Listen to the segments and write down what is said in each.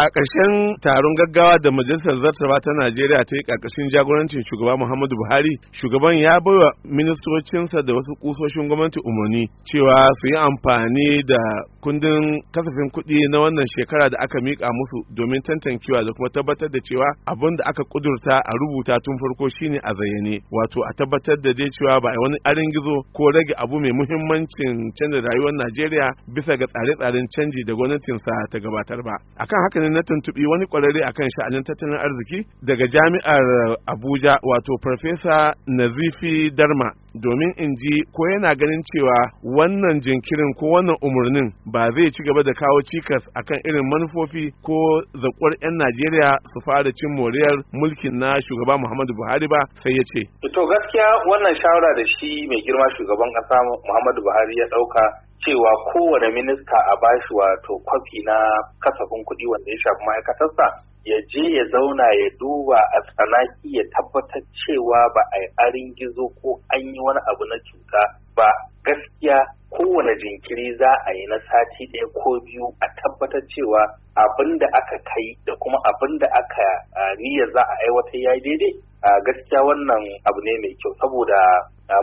A ƙarshen taron gaggawa da Majalisar Zartarwa ta Najeriya ta yi ƙarƙashin jagorancin shugaba Muhammadu Buhari, shugaban ya bai wa ministocinsa da wasu ƙusoshin gwamnati umarni cewa su yi amfani da kundin kasafin kuɗi na wannan shekara da aka miƙa musu domin tantancewa da kuma tabbatar da cewa abin da aka ƙudurta a rubuta tun farko shine a zayyane, wato a tabbatar da dai cewa ba a wani arin gizo ko rage abu mai muhimmancin canza rayuwar Najeriya bisa ga tsare-tsaren canji da gwamnatinsa ta gabatar ba. Akan haka ne na tuntuɓi wani a akan sha'anin tattalin arziki daga jami'ar Abuja wato Farfesa Nazifi Darma domin in ji ko yana ganin cewa wannan jinkirin ko wannan umarnin ba zai ci gaba da kawo cikas akan irin manufofi ko zakwar 'yan Najeriya su fara cin moriyar mulkin na shugaba Muhammadu Buhari ba sai ya ce. To gaskiya wannan shawara da shi mai girma shugaban ƙasa Muhammadu Buhari ya ɗauka cewa kowane minista a bashi wato kwafi na kasafin kuɗi wanda ya shafi ma'aikatarsa ya je ya zauna ya duba a tsanaki ya tabbatar cewa ba a yi arin gizo ko an yi wani abu na cuta ba gaskiya kowane jinkiri za a yi na sati ɗaya ko biyu a tabbatar cewa abin da aka kai da kuma abin da aka niyyar za a aiwatar ya daidai gaskiya wannan abu ne mai kyau saboda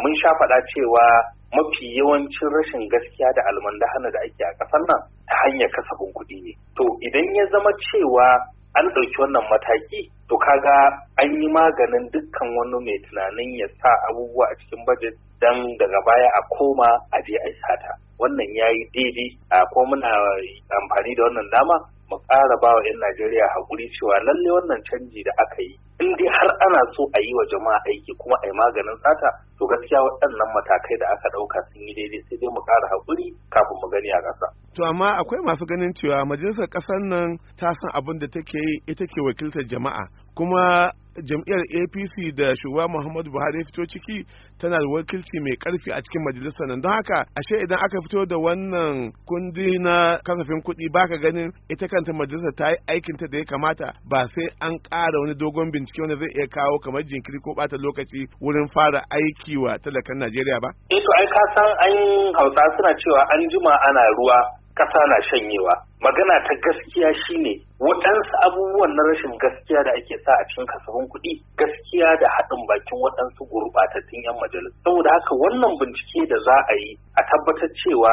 mun sha faɗa cewa mafi yawancin rashin gaskiya da almandahana da ake a ƙasar nan ta hanyar kasafin kuɗi ne to idan ya zama cewa an ɗauki wannan mataki to kaga an yi maganin dukkan wani mai tunanin ya sa abubuwa a cikin bajet don daga baya a koma a je a sata wannan ya yi daidai a ko muna amfani da wannan dama mu ƙara ba wa 'yan Najeriya haƙuri cewa lalle wannan canji da aka yi in dai har ana so a yi wa jama'a aiki kuma a yi maganin sata to gaskiya waɗannan matakai da aka ɗauka sun yi daidai sai dai mu ƙara haƙuri kafin mu gani a ƙasa. To amma akwai masu ganin cewa majalisar ƙasar nan ta san abin da take yi ita ke wakiltar jama'a kuma jam'iyyar apc da shugaba muhammadu buhari ya fito ciki tana da wakilci mai karfi a cikin majalisar nan don haka ashe idan aka fito da wannan kundi na kasafin kuɗi baka ganin ita kanta majalisar ta yi aikin ta da ya kamata ba sai an ƙara wani dogon bincike wanda zai iya kawo kamar jinkiri ko bata lokaci wurin fara aiki wa talakan najeriya ba? eh to ai ka san an hausa suna cewa an juma ana ruwa kasa na shanyewa magana ta gaskiya shine waɗansu abubuwan na rashin gaskiya da ake sa a cikin kasafin kuɗi gaskiya da haɗin bakin waɗansu gurɓatattun 'yan majalis saboda haka wannan bincike da za a yi a tabbatar cewa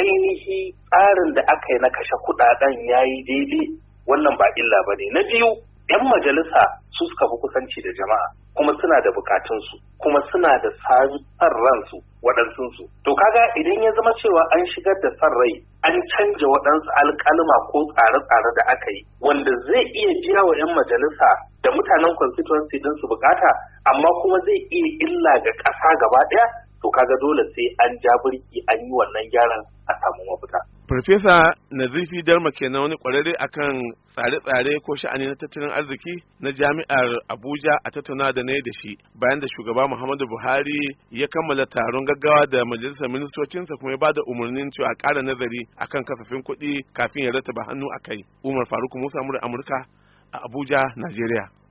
ainihi tsarin da aka yi na kashe kuɗaɗen ya yi daidai wannan ba illa ba ne na biyu 'yan majalisa su suka fi kusanci da jama'a kuma suna da bukatunsu kuma suna da san ransu waɗansunsu. To kaga idan ya zama cewa an shigar da san rai an canja waɗansu alƙalma ko tsare-tsare da aka yi wanda zai iya jira wa 'yan majalisa da mutanen constituency din su bukata amma kuma zai iya illa ga ƙasa gaba ɗaya to kaga dole sai an ja birki an yi wannan gyaran a samu mafita. Farfesa Nazifi Darma kenan wani kwararre akan tsare-tsare ko sha'ani na tattalin arziki na jami'ar Abuja a tattauna da ne da shi bayan da shugaba Muhammadu Buhari ya kammala taron gaggawa da majalisar ministocinsa kuma ya bada umarnin cewa ƙara nazari akan kasafin kuɗi kafin ya rataba hannu a kai. Umar Faruk Musa Amurka a Abuja, Najeriya.